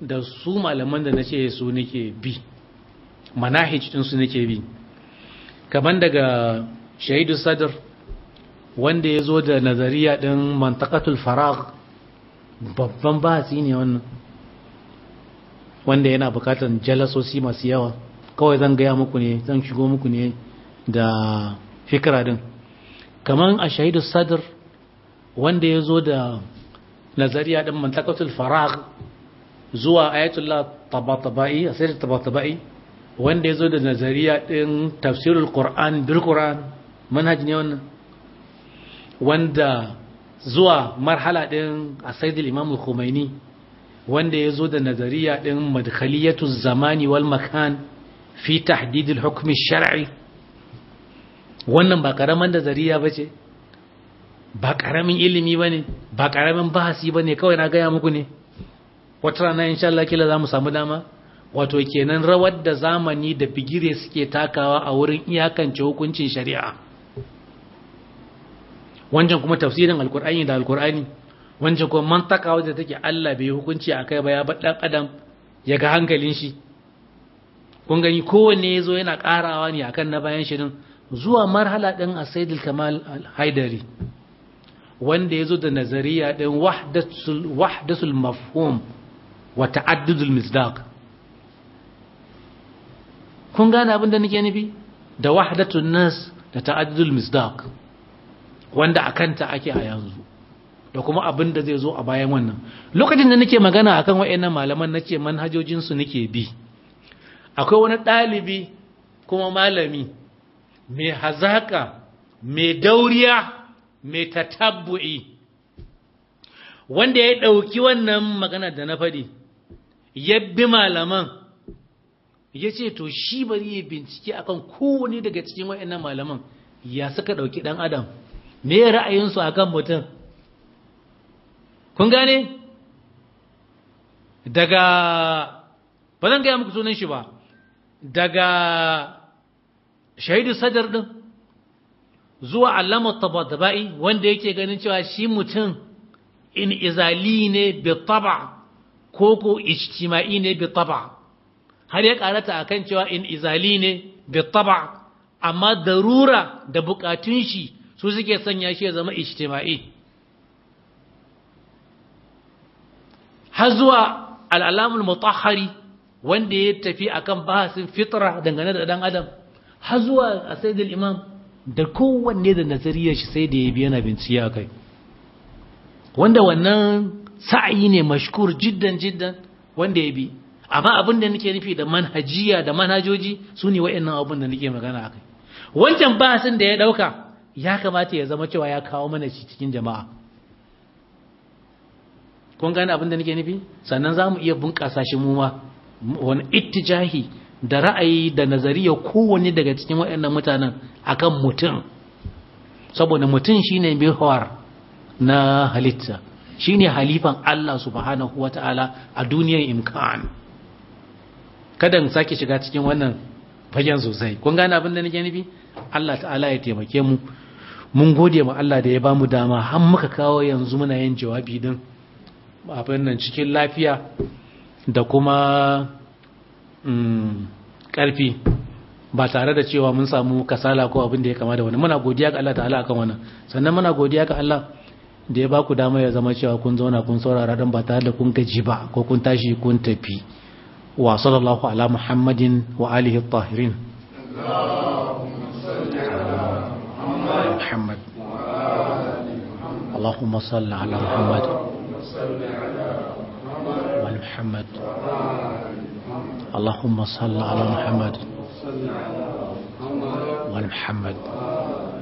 da su malaman da na ce su nake bi manahij din su nake bi kaman daga shahidu sadr wanda ya zo da nazariya din mantakatul farag babban bahasi ne wannan wanda yana bukatar jalasosi masu yawa kawai zan gaya muku ne zan shigo muku ne da fikira din kaman a shahidu sadr wanda ya zo da nazariya din mantakatul farag zuwa ayatullah tabatabai a sai tabatabai wanda ya zo da nazariya ɗin tafsirul qur'an bil qur'an manhaj ne wannan wanda zuwa marhala ɗin a saidul imam al-khumaini wanda ya zo da nazariya ɗin madkhaliyatu zamani wal makan fi tahdidil hukmi shar'i wannan ba karaman nazariya ba ce ba karamin ilimi ba ne ba karamin bahasi ba ne kawai na gaya muku ne wata rana sha Allah kila za mu samu dama wato kenan rawar da zamani da bigire suke takawa a wurin iyakance hukuncin shari'a wancan kuma tafsirin alkur'ani da alkur'ani wancan kuma mantaka da take Allah bai hukunci a kai ba ya baɗan adam ya ga hankalin shi kun gani kowanne ya zo yana ƙarawa ne akan na bayan shirin zuwa marhala ɗin a saidul kamal haidari wanda ya zo da nazariya ɗin wahdatul mafhum wa ta'addudul misdaq kun gane abin da nake nufi da wahdatun nas da ta'addudul misdaq wanda akanta ake a yanzu da kuma abin da zai zo a bayan wannan lokacin da nake magana akan wayannan malaman nace manhajojin su nake bi akwai wani ɗalibi kuma malami mai hazaka mai dauriya mai tatabbu'i wanda ya ɗauki wannan magana da na faɗi ya bi malaman ya ce to shi bari ya bincike akan kowane daga cikin wa'annan malaman ya suka ɗauki ɗan adam me ra'ayinsu akan mutum kun gane daga ba zan gaya muku sunan shi ba daga shahidu sadar ɗin zuwa alamar tabbataba'i wanda yake ganin cewa shi mutum in izali ne bi taba Koko ko ijtima'i ne bi taba har ya karata akan cewa in izali ne bi taba amma darura da bukatun shi su suke sanya shi ya zama ijtima'i har zuwa al'alamul mutahari wanda ya tafi akan bahasin fitra dangane da dan adam har zuwa a sayyidul imam da kowanne da nazariyar shi sai da ya bi yana binciya kai wanda wannan sa'ayi ne mashkur jiddan jiddan wanda ya bi amma abin da nake nufi da manhajiya da manhajoji su ne wa'annan abin da nake magana akai wancan bahasin da ya dauka ya kamata ya zama cewa ya kawo mana shi cikin jama'a kun gane abin da nake nufi sannan za mu iya bunƙasa shi mu ma wani ittijahi da ra'ayi da nazariya kowanne daga cikin waɗannan mutanen akan mutum saboda mutum shine bihar na halitta shine halifan Allah subhanahu ta'ala a duniyar imkan kada mu sake shiga cikin wannan fagen sosai kun gane abin da nake nufi Allah ta'ala ya taimake mu mun gode ma Allah da ya bamu dama har muka kawo yanzu muna yin jawabi din abin nan cikin lafiya da kuma karfi mm, ba tare da cewa mun samu kasala ko abin da ya kama da wani muna godiya ga Allah ta'ala akan wannan sannan muna godiya ga Allah da ya baku dama ya zama cewa kun zauna kun saurara dan ba tare da kun gaji ba ko kun tashi kun tafi wa sallallahu ala muhammadin wa alihi tahirin محمد اللهم صل على محمد وعلى محمد اللهم صل على محمد وعلى محمد